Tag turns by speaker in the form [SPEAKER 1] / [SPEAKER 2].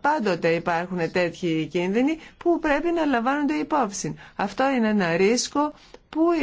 [SPEAKER 1] Πάντοτε υπάρχουν τέτοιοι κίνδυνοι που πρέπει να λαμβάνονται υπόψη. Αυτό είναι ένα ρίσκο που